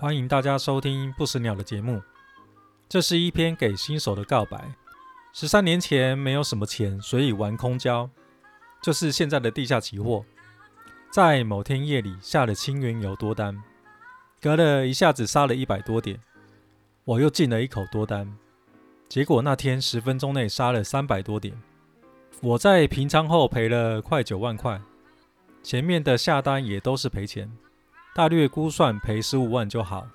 歡迎大家收聽不死鳥的節目。這是一篇給新手的告白。十三年前沒有什麼錢，所以玩空交，就是現在的地下期貨。在某天夜裡下了輕原油多單，隔了一下子殺了一百多點，我又進了一口多單，結果那天十分鐘內殺了三百多點，我在平倉後賠了快九萬塊，前面的下單也都是賠錢。大略估算賠十五萬就好。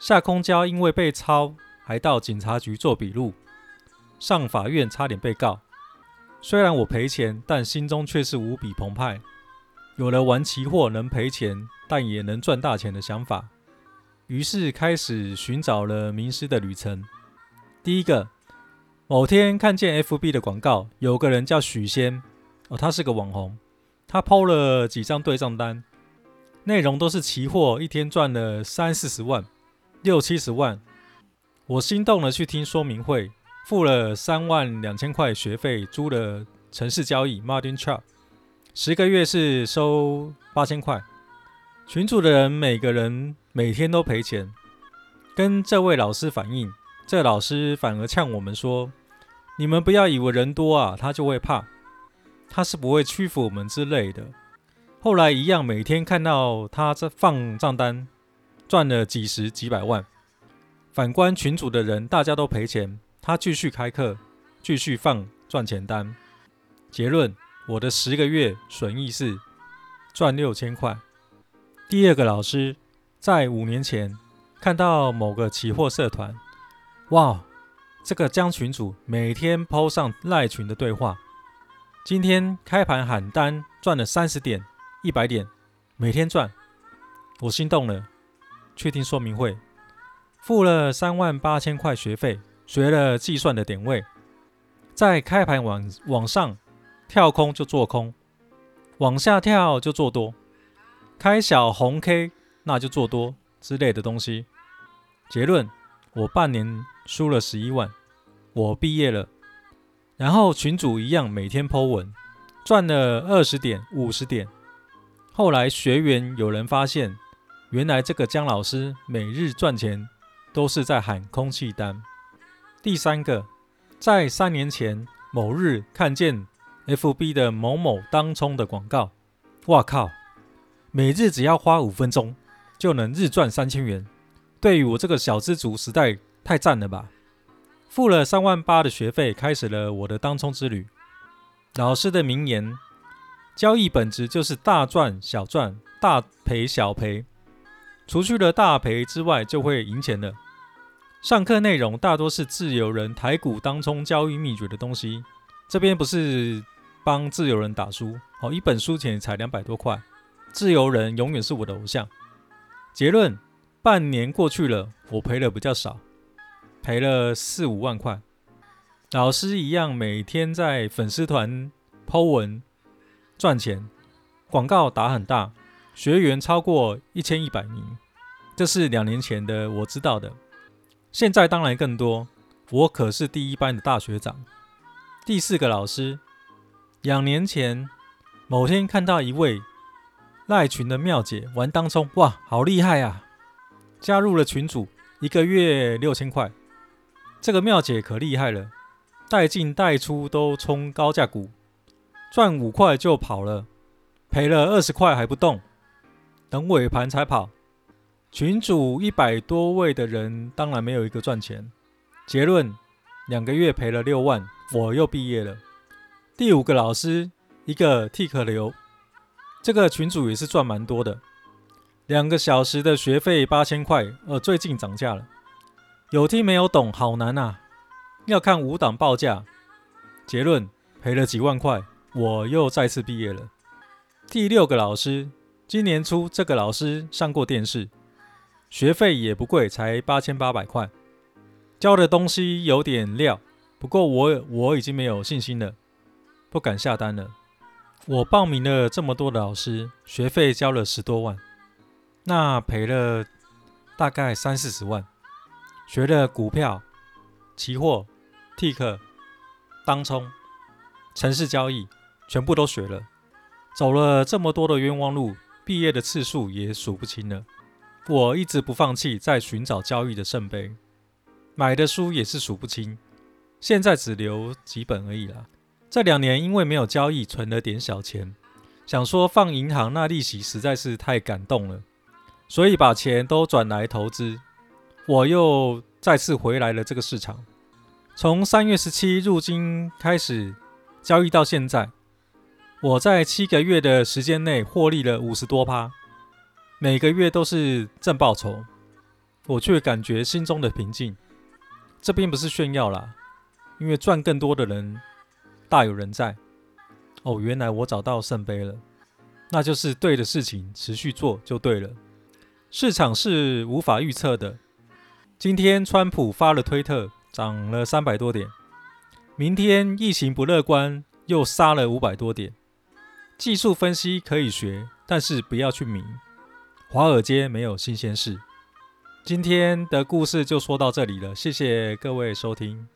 下空交因為被抄，還到警察局做筆錄，上法院差點被告。雖然我賠錢，但心中卻是無比澎湃。有了玩期貨能賠錢，但也能賺大錢的想法，於是開始尋找了名師的旅程。第一個，某天看見 FB 的廣告，有個人叫許仙，哦，他是個網紅，他 PO 了幾張對賬單。內容都是期貨，一天賺了三四十萬、六七十萬。我心動了，去聽說明會，付了三萬兩千塊學費，租了城市交易 Martin Chart，十個月是收八千塊。群組的人每個人每天都賠錢，跟這位老師反映，這老師反而嗆我們說：“你們不要以為人多啊，他就會怕，他是不會屈服我們之類的。”後來一樣，每天看到他這放賬單，賺了幾十、幾百萬。反觀群主的人，大家都賠錢，他繼續開課，繼續放賺錢單。結論：我的十個月損益是賺六千塊。第二個老師在五年前看到某個期貨社團，哇，這個江群主每天拋上 LINE 群的對話，今天開盤喊單賺了三十點。一百點，每天賺，我心動了。確定說明會，付了三萬八千塊學費，學了計算的點位，在開盤往往上跳空就做空，往下跳就做多，開小紅 K 那就做多之類的東西。結論：我半年輸了十一萬，我畢業了。然後群主一樣每天 Po 文，賺了二十點、五十點。後來學員有人發現，原來這個姜老師每日賺錢都是在喊空氣單。第三個，在三年前某日看見 FB 的某某當沖的廣告，哇靠，每日只要花五分鐘就能日賺三千元，對於我這個小資族實在太讚了吧！付了三萬八的學費，開始了我的當沖之旅。老師的名言。交易本質就是大賺小賺，大賠小賠。除去了大賠之外，就會贏錢了。上課內容大多是自由人台股當沖交易秘訣的東西。這邊不是幫自由人打書，哦，一本書錢才兩百多塊。自由人永遠是我的偶像。結論：半年過去了，我賠的比較少，賠了四五萬塊。老師一樣每天在粉絲團 PO 文。賺錢，廣告打很大，學員超過一千一百名，這是兩年前的我知道的。現在當然更多，我可是第一班的大學長，第四個老師。兩年前某天看到一位賴群的妙姐玩當沖，哇，好厲害啊！加入了群組，一個月六千塊，這個妙姐可厲害了，帶進帶出都衝高價股。賺五塊就跑了，賠了二十塊還不動，等尾盤才跑。群主一百多位的人，當然沒有一個賺錢。結論：兩個月賠了六萬，我又畢業了。第五個老師，一個替可流，這個群主也是賺蠻多的。兩個小時的學費八千塊，呃，最近漲價了。有聽沒有懂？好難啊！要看五檔報價。結論：賠了幾萬塊。我又再次畢業了。第六個老師，今年初這個老師上過電視，學費也不貴，才八千八百塊。教的東西有點料，不過我我已經沒有信心了，不敢下單了。我報名了這麼多的老師，學費交了十多萬，那賠了大概三四十萬。學了股票、期貨、Tik、當沖、程式交易。全部都學了，走了這麼多的冤枉路，畢業的次數也數不清了。我一直不放棄在尋找交易的聖杯，買的書也是數不清，現在只留幾本而已啦。這兩年因為沒有交易，存了點小錢，想說放銀行那利息實在是太感動了，所以把錢都轉來投資。我又再次回來了這個市場，從三月十七入金開始交易到現在。我在七個月的時間內獲利了五十多趴，每個月都是正報酬，我卻感覺心中的平靜。這並不是炫耀啦，因為賺更多的人大有人在。哦，原來我找到聖杯了，那就是對的事情持續做就對了。市場是無法預測的。今天川普發了推特，漲了三百多點；明天疫情不樂觀，又殺了五百多點。技術分析可以學，但是不要去迷。華爾街沒有新鮮事。今天的故事就說到這裡了，謝謝各位收聽。